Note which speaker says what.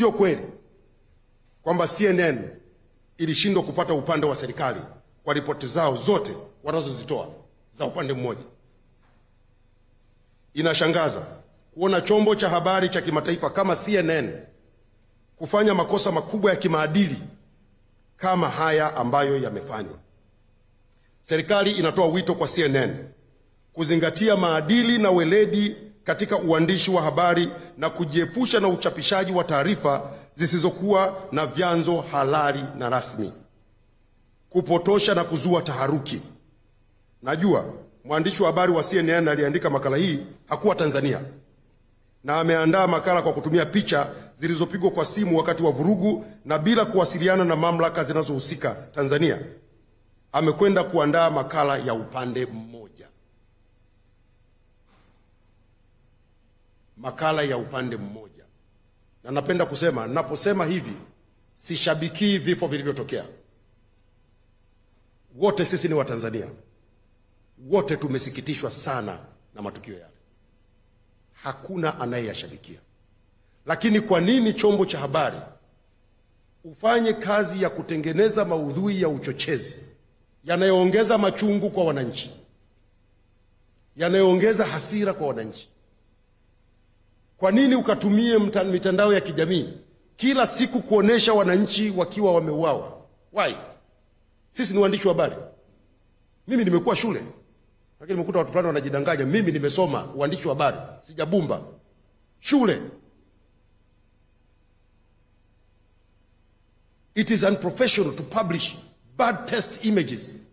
Speaker 1: Sio kweli kwamba CNN ilishindwa kupata upande wa serikali kwa ripoti zao zote wanazozitoa za upande mmoja. Inashangaza kuona chombo cha habari cha kimataifa kama CNN kufanya makosa makubwa ya kimaadili kama haya ambayo yamefanywa. Serikali inatoa wito kwa CNN kuzingatia maadili na weledi katika uandishi wa habari na kujiepusha na uchapishaji wa taarifa zisizokuwa na vyanzo halali na rasmi, kupotosha na kuzua taharuki. Najua mwandishi wa habari wa CNN aliyeandika makala hii hakuwa Tanzania na ameandaa makala kwa kutumia picha zilizopigwa kwa simu wakati wa vurugu na bila kuwasiliana na mamlaka zinazohusika Tanzania. Amekwenda kuandaa makala ya upande mmoja. makala ya upande mmoja, na napenda kusema, naposema hivi sishabikii vifo vilivyotokea. Wote sisi ni Watanzania, wote tumesikitishwa sana na matukio yale, hakuna anayeyashabikia. Lakini kwa nini chombo cha habari ufanye kazi ya kutengeneza maudhui ya uchochezi yanayoongeza machungu kwa wananchi, yanayoongeza hasira kwa wananchi? Kwa nini ukatumie mitandao ya kijamii kila siku kuonesha wananchi wakiwa wameuawa? Why? Sisi ni waandishi wa habari. Mimi nimekuwa shule, lakini nimekuta watu fulani wanajidanganya. Mimi nimesoma uandishi wa habari, sijabumba shule. It is unprofessional to publish bad test images